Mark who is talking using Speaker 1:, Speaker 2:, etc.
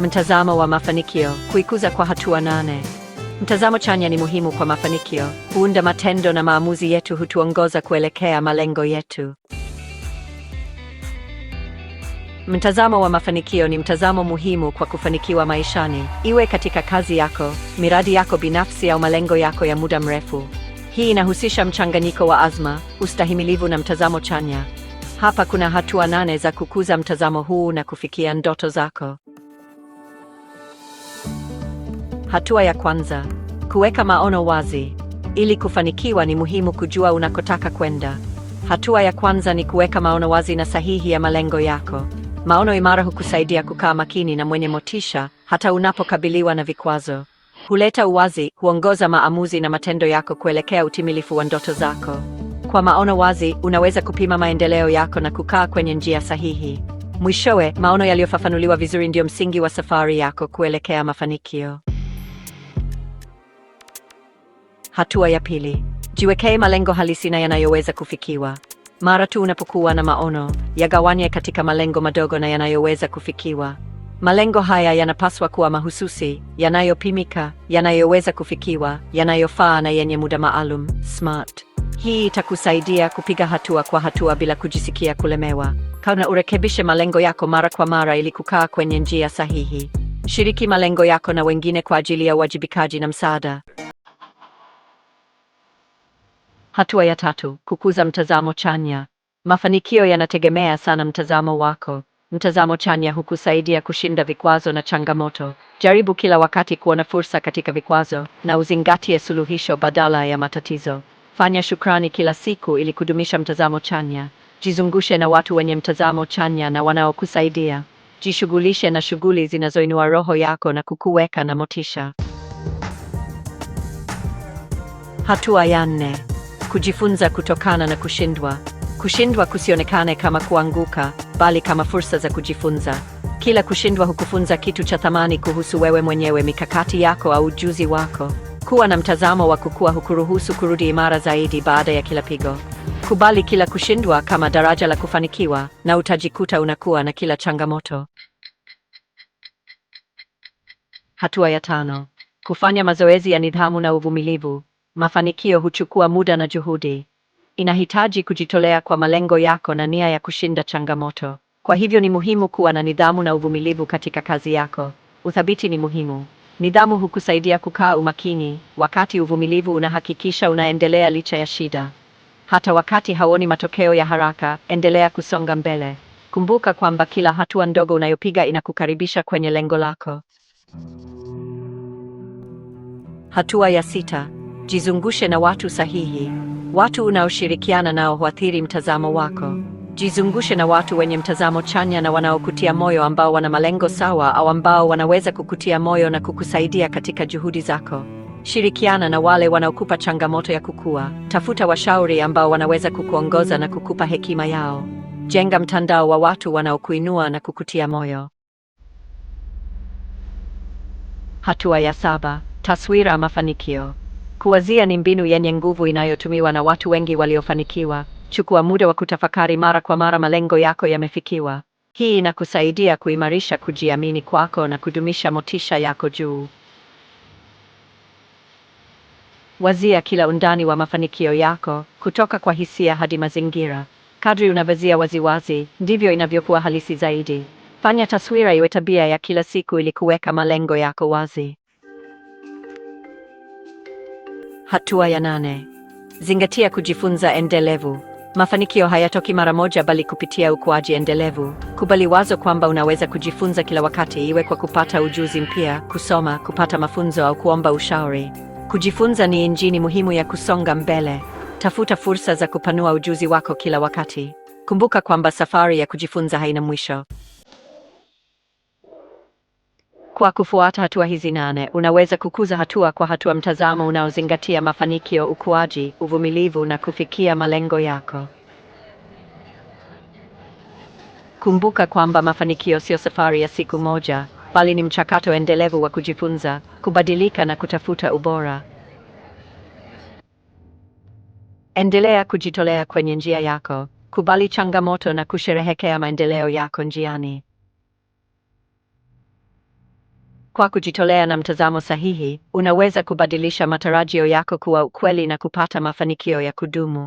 Speaker 1: Mtazamo wa mafanikio: kuikuza kwa hatua nane. Mtazamo chanya ni muhimu kwa mafanikio. Huunda matendo na maamuzi yetu hutuongoza kuelekea malengo yetu. Mtazamo wa mafanikio ni mtazamo muhimu kwa kufanikiwa maishani, iwe katika kazi yako, miradi yako binafsi au malengo yako ya muda mrefu. Hii inahusisha mchanganyiko wa azma, ustahimilivu na mtazamo chanya. Hapa kuna hatua nane za kukuza mtazamo huu na kufikia ndoto zako. Hatua ya kwanza: kuweka maono wazi. Ili kufanikiwa, ni muhimu kujua unakotaka kwenda. Hatua ya kwanza ni kuweka maono wazi na sahihi ya malengo yako. Maono imara hukusaidia kukaa makini na mwenye motisha hata unapokabiliwa na vikwazo. Huleta uwazi, huongoza maamuzi na matendo yako kuelekea utimilifu wa ndoto zako. Kwa maono wazi, unaweza kupima maendeleo yako na kukaa kwenye njia sahihi. Mwishowe, maono yaliyofafanuliwa vizuri ndiyo msingi wa safari yako kuelekea mafanikio. Hatua ya pili: jiwekee malengo halisi na yanayoweza kufikiwa. Mara tu unapokuwa na maono, yagawanye katika malengo madogo na yanayoweza kufikiwa. Malengo haya yanapaswa kuwa mahususi, yanayopimika, yanayoweza kufikiwa, yanayofaa na yenye muda maalum. SMART. Hii itakusaidia kupiga hatua kwa hatua bila kujisikia kulemewa. Kana urekebishe malengo yako mara kwa mara ili kukaa kwenye njia sahihi. Shiriki malengo yako na wengine kwa ajili ya uwajibikaji na msaada. Hatua ya tatu: kukuza mtazamo chanya. Mafanikio yanategemea sana mtazamo wako. Mtazamo chanya hukusaidia kushinda vikwazo na changamoto. Jaribu kila wakati kuona fursa katika vikwazo na uzingatie suluhisho badala ya matatizo. Fanya shukrani kila siku ili kudumisha mtazamo chanya. Jizungushe na watu wenye mtazamo chanya na wanaokusaidia. Jishughulishe na shughuli zinazoinua roho yako na kukuweka na motisha. Hatua ya nne: kujifunza kutokana na kushindwa. Kushindwa kusionekane kama kuanguka, bali kama fursa za kujifunza. Kila kushindwa hukufunza kitu cha thamani kuhusu wewe mwenyewe, mikakati yako au ujuzi wako. Kuwa na mtazamo wa kukua hukuruhusu kurudi imara zaidi baada ya kila pigo. Kubali kila kushindwa kama daraja la kufanikiwa, na utajikuta unakuwa na kila changamoto. Hatua ya tano: kufanya mazoezi ya nidhamu na uvumilivu. Mafanikio huchukua muda na juhudi. Inahitaji kujitolea kwa malengo yako na nia ya kushinda changamoto. Kwa hivyo ni muhimu kuwa na nidhamu na uvumilivu katika kazi yako. Uthabiti ni muhimu. Nidhamu hukusaidia kukaa umakini, wakati uvumilivu unahakikisha unaendelea licha ya shida. Hata wakati hauoni matokeo ya haraka, endelea kusonga mbele. Kumbuka kwamba kila hatua ndogo unayopiga inakukaribisha kwenye lengo lako. Hatua ya sita. Jizungushe na watu sahihi. Watu unaoshirikiana nao huathiri mtazamo wako. Jizungushe na watu wenye mtazamo chanya na wanaokutia moyo, ambao wana malengo sawa au ambao wanaweza kukutia moyo na kukusaidia katika juhudi zako. Shirikiana na wale wanaokupa changamoto ya kukua. Tafuta washauri ambao wanaweza kukuongoza na kukupa hekima yao. Jenga mtandao wa watu wanaokuinua na kukutia moyo. Hatua ya saba: taswira mafanikio. Kuwazia ni mbinu yenye nguvu inayotumiwa na watu wengi waliofanikiwa. Chukua muda wa kutafakari mara kwa mara malengo yako yamefikiwa. Hii inakusaidia kuimarisha kujiamini kwako na kudumisha motisha yako juu. Wazia kila undani wa mafanikio yako, kutoka kwa hisia hadi mazingira. Kadri unavazia waziwazi, ndivyo inavyokuwa halisi zaidi. Fanya taswira iwe tabia ya kila siku ili kuweka malengo yako wazi. Hatua ya nane: zingatia kujifunza endelevu. Mafanikio hayatoki mara moja, bali kupitia ukuaji endelevu. Kubali wazo kwamba unaweza kujifunza kila wakati, iwe kwa kupata ujuzi mpya, kusoma, kupata mafunzo au kuomba ushauri. Kujifunza ni injini muhimu ya kusonga mbele. Tafuta fursa za kupanua ujuzi wako kila wakati. Kumbuka kwamba safari ya kujifunza haina mwisho. Kwa kufuata hatua hizi nane, unaweza kukuza hatua kwa hatua mtazamo unaozingatia mafanikio, ukuaji, uvumilivu na kufikia malengo yako. Kumbuka kwamba mafanikio sio safari ya siku moja, bali ni mchakato endelevu wa kujifunza, kubadilika na kutafuta ubora. Endelea kujitolea kwenye njia yako, kubali changamoto na kusherehekea maendeleo yako njiani. Kwa kujitolea na mtazamo sahihi, unaweza kubadilisha matarajio yako kuwa ukweli na kupata mafanikio ya kudumu.